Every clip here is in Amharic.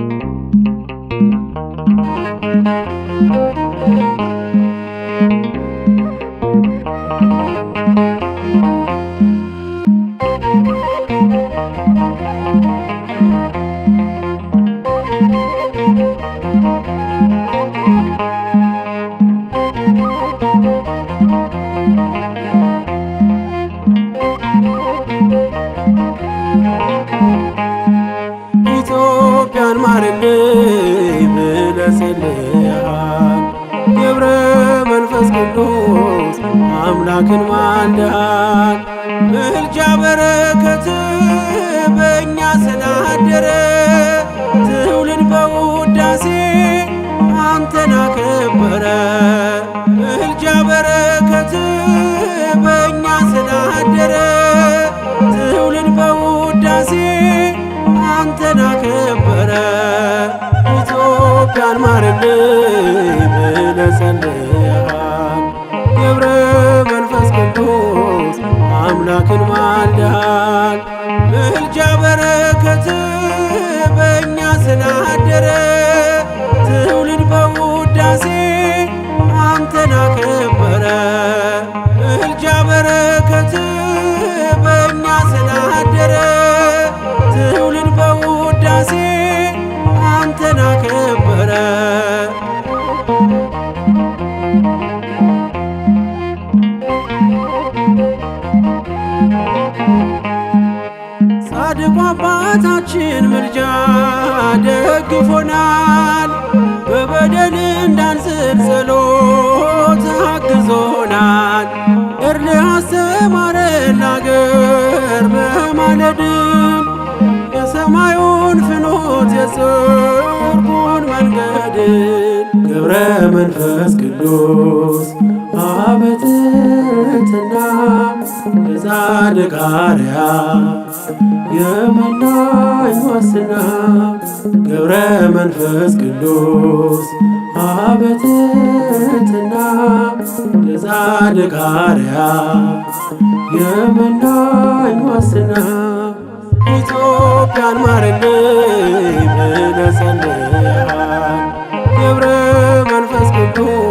thank you ይኖራል ምልጃ በረከት በእኛ ስላደረ ትውልድ በውዳሴ አንተን አከበረ ምልጃ በረከት በእኛ ስላደረ ትውልድ በውዳሴ አንተን አከበረ ኢትዮጵያን ማርልን ብለጸል ስላደረ ትውልድ በውዳሴ አንተን አከበረ። ምልጃ በረከት በእኛ ስላደረ ትውልድ በውዳሴ አንተን አከበረ። ታችን ምልጃ ደግፎናል። በበደል እንዳንስት ጸሎት አግዞናል። እርል አሰማረን አገር በማለድም የሰማዩን ፍኖት የጽርቡን መንገድን ገብረ መንፈስ ቅዱስ የጻድቅ አርያ ዋስና ገብረ መንፈስ ቅዱስ አበትትና የጻድቅ አርያ ዋስና ኢትዮጵያን ማርነ ምነጸንያን ገብረ መንፈስ ቅዱስ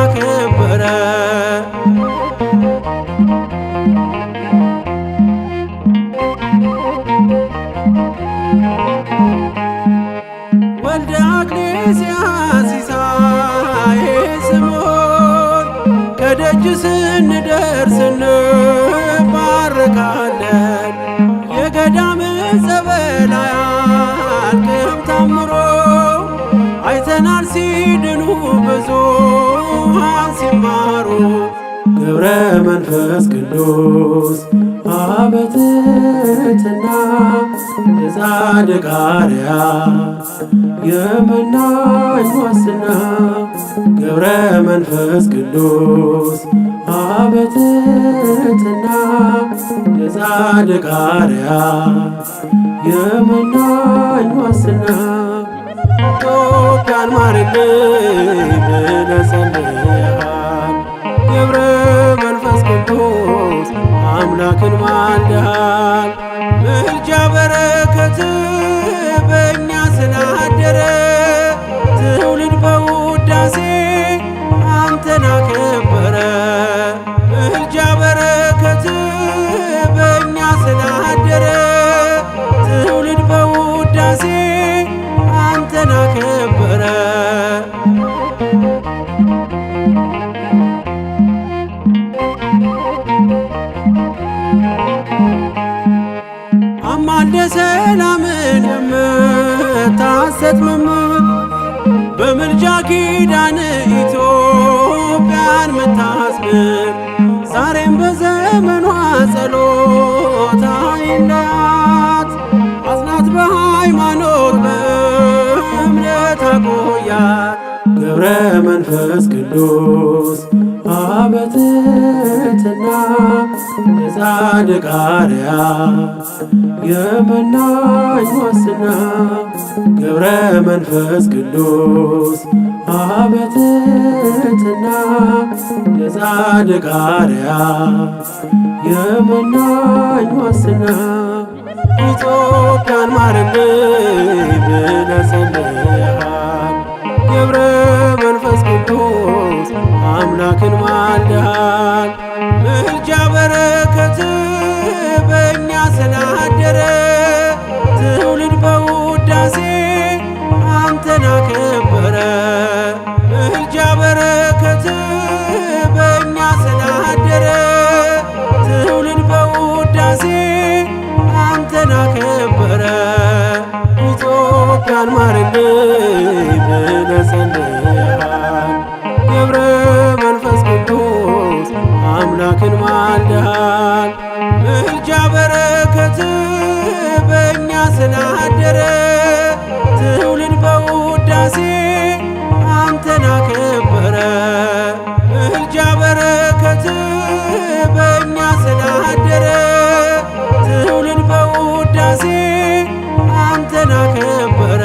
አከበረ። ወልደ አክሌስያስ ሲሳይ ስሙን ከደጅ ስንደርስ እንባረካለን። ገብረ መንፈስ ቅዱስ አበትትና የጻድቅ አርያ የመናኝ ዋስና ገብረ መንፈስ ቅዱስ አበትትና የጻድቅ አርያ የመናኝ ዋስና በረከት በእኛ ስላደረ ትውልድ በውዳሴ አንተን አከበረ። አትገጥምም በምልጃ ኪዳን ኢትዮጵያን ምታስምር ዛሬም በዘመኗ ጸሎት አይለያት አጽናት በሃይማኖት በእምነት አቆያት ገብረ መንፈስ ቅዱስ አበትትና የጻድቅ አርያ የመናኝ ዋስና ገብረ መንፈስ ቅዱስ አበትትና የጻድቅ አርያ የመናኝ ዋስና ኢትዮጵያን ማርልን ኪዳን ማርልኝ ብለ ጸልያል። ገብረ መንፈስ ቅዱስ አምላክን ማልደሃል። ምልጃ በረከት በእኛ ስላደረ ትውልድ በውዳሴ አንተን አከበረ። ምልጃ በረከት በእኛ ስላደረ ትውልድ ጌታዬን አከበረ